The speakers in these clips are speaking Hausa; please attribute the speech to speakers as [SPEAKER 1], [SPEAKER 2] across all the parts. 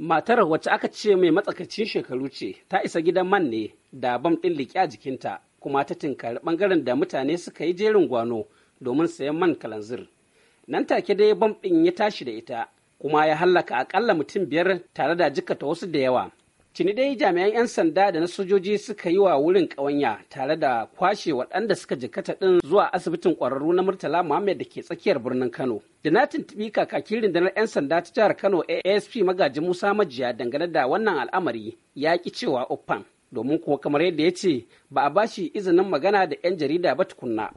[SPEAKER 1] Matar wacce aka ce mai matsakaicin shekaru ce ta isa gidan man ne da bam ɗin liƙi a jikinta kuma ta tinkari ɓangaren da mutane suka yi jerin gwano domin sayan man kalanzir. Nan take dai bam ɗin ya tashi da ita kuma ya hallaka akalla mutum biyar tare da jikata wasu da yawa. Tuni dai jami'an 'yan sanda da na sojoji suka yi wa wurin ƙawanya tare da kwashe waɗanda suka jikata ɗin zuwa asibitin ƙwararru na Murtala Muhammad da ke tsakiyar birnin Kano. Da na tuntuɓi kakakin rundunar 'yan sanda ta jihar Kano ASP Magaji Musa Majiya dangane da wannan al'amari ya ƙi cewa uffan. Domin kuwa kamar yadda ya ce ba a bashi izinin magana da 'yan jarida ba tukunna.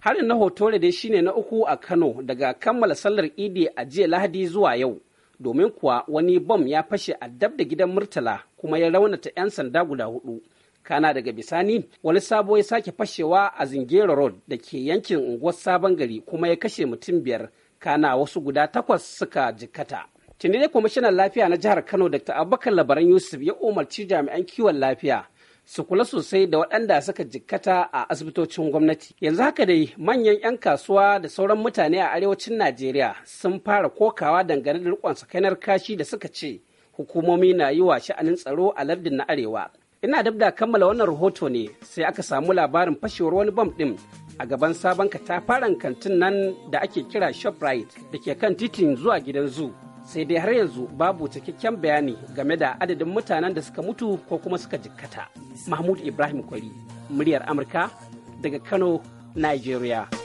[SPEAKER 1] Harin na hoto da dai shine na uku a Kano daga kammala sallar Idi a jiya Lahadi zuwa yau. domin kuwa wani bom ya fashe a dab da gidan murtala kuma ya raunata 'yan sanda guda hudu kana daga bisani wani sabo ya sake fashewa a zingera road da ke yankin unguwar sabon gari kuma ya kashe mutum biyar kana wasu guda takwas suka jikkata tuni kwamishinan lafiya na jihar kano dr abubakar labaran yusuf ya umarci jami'an kiwon lafiya su kula sosai da waɗanda suka jikkata a asibitocin gwamnati. Yanzu haka dai manyan 'yan kasuwa da sauran mutane a arewacin Najeriya sun fara kokawa dangane da riƙon sakainar kashi da suka ce hukumomi na yi wa sha'anin tsaro a lardin na arewa. Ina dab da kammala wannan rahoto ne sai aka samu labarin fashewar wani bam ɗin a gaban sabon katafaren kantin nan da ake kira Shoprite da ke kan titin zuwa gidan zoo. sai dai har yanzu babu cikakken bayani game da adadin mutanen da suka mutu ko kuma suka jikkata mahmud ibrahim kwari muryar amurka daga kano nigeria